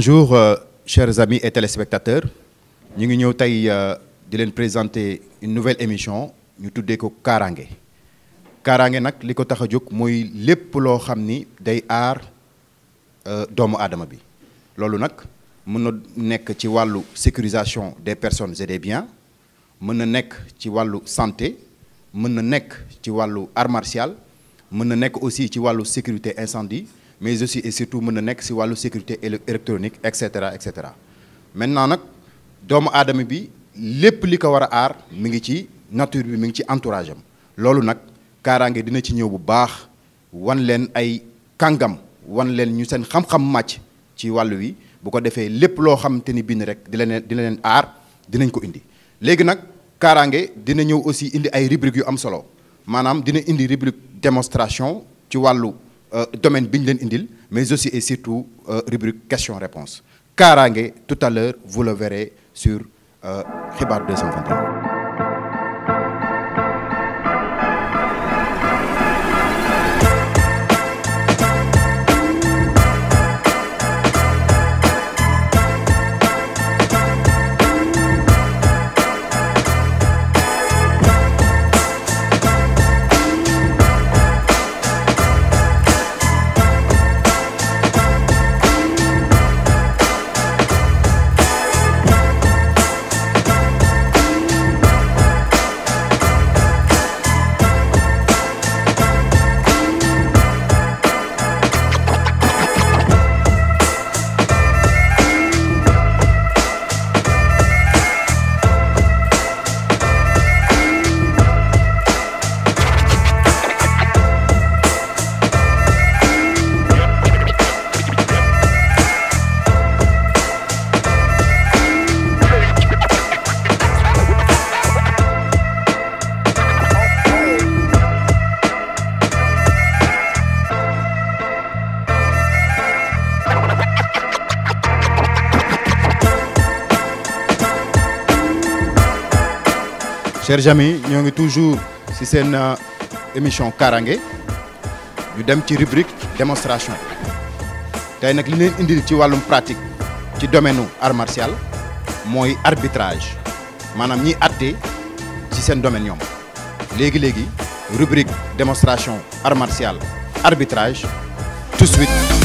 bonjour euh, chers amis et téléspectateurs Nous ngi euh, présenter une nouvelle émission Nous tuddee ko Karangé Karangé. Karangé, li que je veux lépp euh, sécurisation des personnes et des biens mën santé mën martial aussi ci sécurité incendie mais aussi et surtout mën nek nekk si wàllu sécurité électronique et cetera et cetera maintenant nag doomu bi lepp li ko war mi ngi ci nature bi mi ngi ci entourage am loolu nag kaaraange dina ci ñew bu baax wan len ay kangam wan len ñu seen xam-xam match ci walu wi bu ko defee lepp lo xam ni bin rek di leen dina leen aar dinañ ko indi légui nak karangé dina ñew aussi indi ay rubrique yu am solo manam dina indi rubrique démonstration ci walu euh, domaine Bindin indil mais aussi et surtout euh, rubrique question réponses Karangé, tout à l'heure vous le verrez sur euh, Xibaar 221 chers amis nous sommes toujours ci cette euh, émission Karangé Nous dem ci rubrique démonstration Nous avons li pratique indil ci wàllum pratique ci domaine art martial moy arbitrage maanaam ñiy atté ci seen domaine ñoom léegi rubrique démonstration art martial arbitrage tout de suite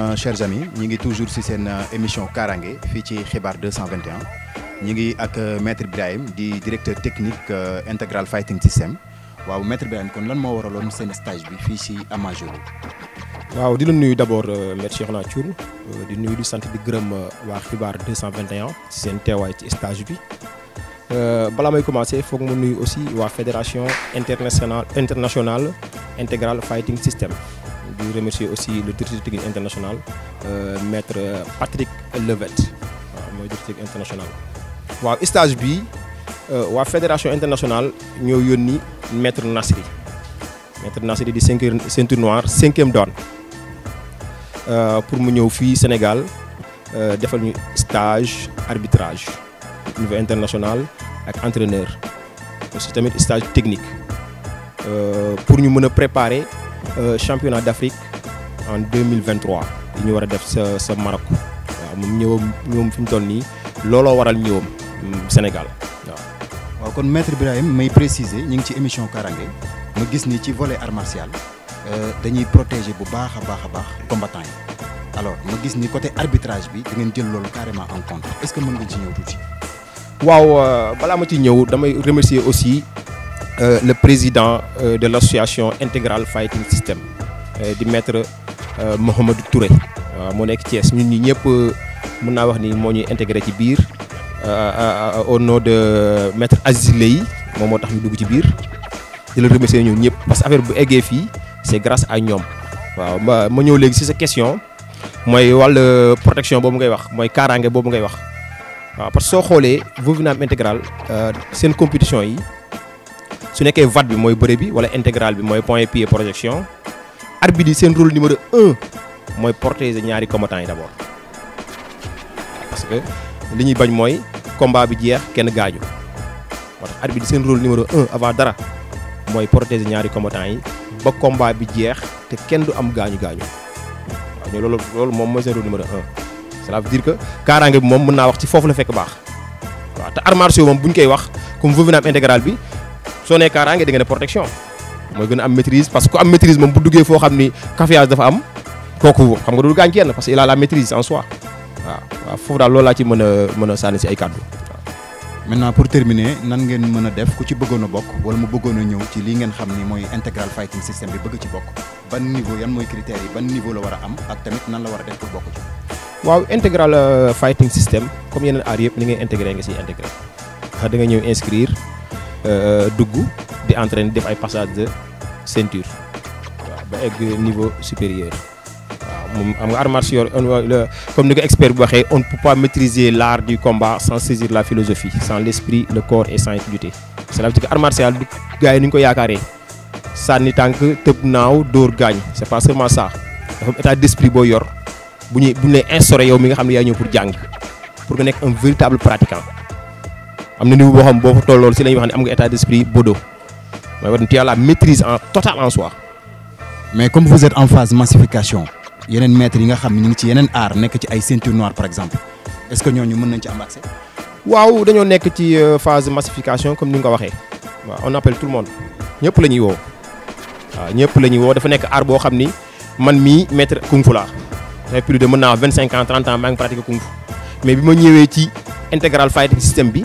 Euh, chers amis nous sommes toujours sur l'émission euh, émission Karangé, fii ci 221 Nous sommes avec maître Ibrahim, directeur technique euh, Integral Fighting System waaw maître ibrahim kon lan moo waraloon seen stage bi fii ci Major. Nous di d'abord maître M. Renat Thiour di nuyu du centre di Grum 221 C'est un teewaay ci stage bi commencer nous sommes nuyu aussi la fédération internationale internationale Integral Fighting System. Je remercier aussi le directeur technique international euh, maître Patrick Levet. waaw directeur technique international. waaw stage bi la euh, fédération internationale avons yónni maître Nasri maître Nasri di ceinture 5e cinquième Euh, pour mu ñëw fii Sénégal euh, fait un stage arbitrage niveau international avec entraîneur C'est un stage technique pour nous préparer. Euh, championnat d'Afrique en 2023 Il Maroc Nous fait ce Sénégal Maître Ibrahim, maître Ibrahim may préciser ñu ci émission Je gis volet art martial euh, dañuy protéger bu alors nous gis côté arbitrage bi carrément en compte est-ce que vous pouvez ci tout tuuti. waaw euh, ma ci venir remercier aussi. Euh, le président euh, de l'association Integral Fighting System euh, du maître Mohamed Touré waaw moo nekk nous ñun ñi ñëpp mën naa wax ni ci au nom de maître Aziz Ley mon moo tax ñu dugg ci biir di la remercier parce que affaire bu eggee fii grâce à nous. waaw ma ma ñëw sa question c'est la protection boobu ngay wax mooy kaaraange boobu ngay wax waaw parce que vous venez intégral. Integral une compétition yi su nekkee vat bi mooy bëre bi wala intégral bi mooy point pied projection arbitre yi seen rôle numéro 1 mooy protéger ñaari combattant yi d' abord parce que li ñuy bañ mooy combat bi jeex kenn gaaju moo tax arbitre yi seen rôle numéro 1 avant dara mooy protéger ñaari combattant yi ba combat bi jeex te kenn du am gaañu gaañu waaw ñu loolu loolu moom mooy seen rôle numéro 1 cela veut dire que kaaraange bi moom mën naa wax ci foofu la fekk baax waaw te arts martiaux moom bu ñu koy wax comme vous venez veuve intégral bi. Son nee kaaraange une protection moy gën am maîtrise parce que am maîtrise bu dafa am xam parce qu'il a la maîtrise en soi wa waaw da lola ci avez une maintenant pour terminer nan ngeen def ku ci bëggono bok wala mu bëggono ñëw ci fighting system bi bëgg ci ban niveau critères ban niveau la wara am ak la wara def ci euh, fighting system comme yeneen aar yëpp ni ngay intégré nga siy intégré da nga ñëw inscrire euh, dugg di entraîner def ay passage de ceinture waaw ba niveau supérieur am comme ni ko expert bu on ne peut pas maîtriser l'art du combat sans saisir la philosophie sans l'esprit le corps et sans lutter C'est la vie art martial du gars yi ni ñu ko yaakaaree sànni tànk tëb c'est pas seulement ça dafa un état d'esprit boo yor bu ñuy instauré yow mi nga pour être pour un véritable pratiquant amna na niveau boo xam bo fa tolloon ci la wax ni am nga état d'esprit bodo mais wax tu as la maîtrise en totale en soi. mais comme vous êtes en phase massification yenen maîtres yi nga xam ni ngi ci yenen art nek ci ay ceinture noire par exemple est-ce que ñoñu mën nañ ci am accès. waaw dañoo nekk ci euh, phase massification comme ni nga ko waxee waaw on appelle tout le monde ñëpp la ñuy woo waaw ñëpp la ñuy woo dafa nekk art boo xam ni man mii maître kung fu laa dafay plus de mën naa 25 ans 30 ans maa ngi pratiquer kung fu mais bi ma ñëwee ci intégral fight système bi.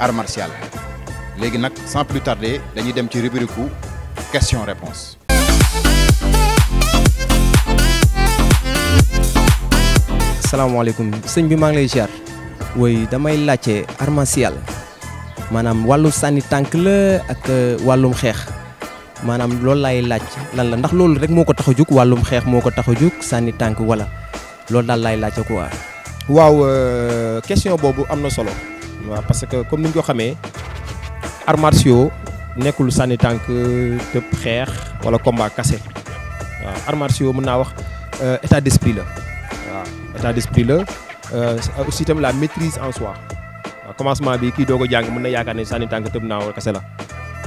art martial sans plus tarder dañuy dem ci rubrique question réponse Assalamu alaikum. bi mang lay ziar woy damay martial ak euh, walum xex. Manam lay lacc. lan la ndax rek ko wala dal lay lacc quoi. waaw euh, question bobu amna waaw parce que comme ni ñu ko xamee arts martiaux nekkul sànni tànk tëb xeex wala combat cassé waaw arts martiaux mën naa wax euh, état d'esprit la waaw état d'esprit la euh, aussi itam la maîtrise en soi waaw commencement bi kii doo ko jàng mën na yaakaar ne sànni tànk tëb naa wala kase la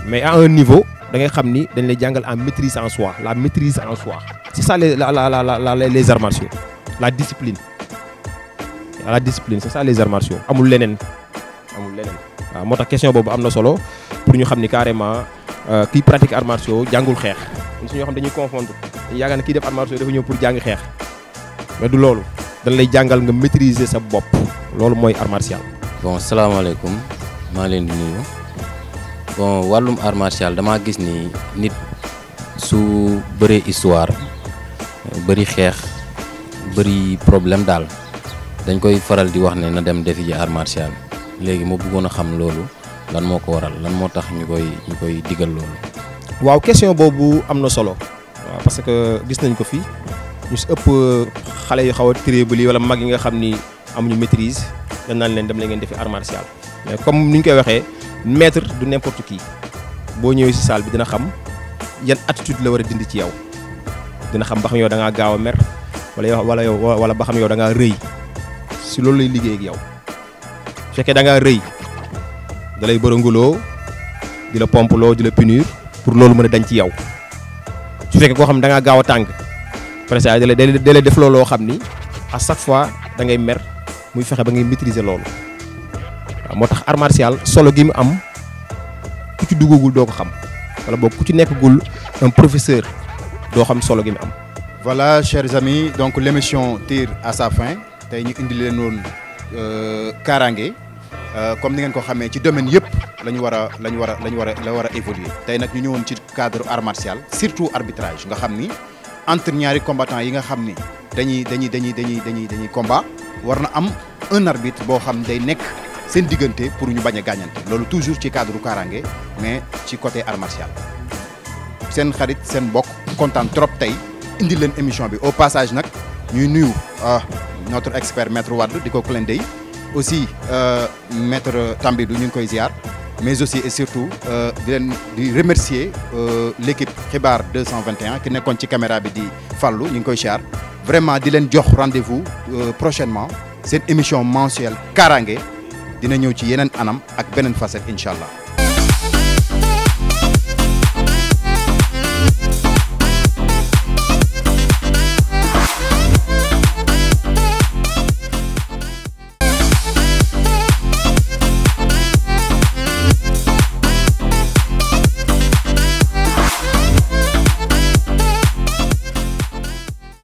mais à un niveau da ngay xam ni dañ lay jàngal en maîtrise en soi la maîtrise en soi c'est ça les la la la les arts martiaux la discipline la discipline c'est ça les arts martiaux amul leneen. waaw moo tax question boobu am na solo pour ñu xam ni carrément euh, kii pratique art martiaux jàngul xeex suñoo xam dañuy confondre dañuy yaakaar ne kii def art martiaux dafa ñëw pour jàng xeex mais du loolu dañ lay jàngal nga maîtriser sa bopp loolu mooy art martial. bon salaamaaleykum maa leen di nuyu bon wàllum art martial dama gis ni nit su bëree histoire bëri xeex bëri problème dal. dañ koy faral di wax ne na dem defi ji art martial léegi mo bëggono xam loolu lan moko waral lan mo tax ñukoy ñukoy digal loolu. waaw question bobu amna solo. parce que gis nañ ko fi ñu ëpp xalé yu xawa tribal wala mag yi nga xam ni amuñu maîtrise da nañ leen dem la ngeen def art martial mais comme niñ koy waxé maître du n'importe qui bo ñëw ci salle bi dina xam yan attitude la wara dindi ci yow dina xam bax yow da nga gaaw mer wala yow wala yow wala bax yow da nga reuy si loolu lay liggéey ak yow. fekkee da nga reuy da lay bërënguloo di la pompeloo di la punir pour loolu mën dañ ci yaw su fekkee ko xam da nga gawa a tàng presque da lay da def looloo xam ni à chaque fois da ngay mer muy fexé ba ngay maîtriser loolu motax art martial solo gi mu am ku ci dugugul do ko xam wala boog ku ci nekkul un professeur do xam solo gi mu am. voilà chers amis donc l'émission tire à sa fin tay ñu indi leen euh karangé euh, comme ni ngeen ko xamé ci domaine yépp lañu wara lañu wara lañu wara la wara évoluer tay nak ñu ñëwoon ci cadre art martial surtout arbitrage nga xamni entre ñaari combattants yi nga xamni ni dañuy dañuy dañuy dañuy dañuy dañuy combat warna am un arbitre bo xam day nekk seen digënté pour ñu baña gagnante gaañante toujours ci cadre kaaraange mais ci côté art martial seen xarit seen bok content trop tay indi leen émission bi au passage nak ñuy nuyu euh, notre expert maître Wade diko ko clin d'œil aussi euh, maître Tambidou nous mais aussi et surtout euh, remercier euh, l'équipe l'équipe 221 qui ci caméra caméras di Fallou vraiment di rendez-vous prochainement une émission mensuelle Karangé dina allons ci anam facette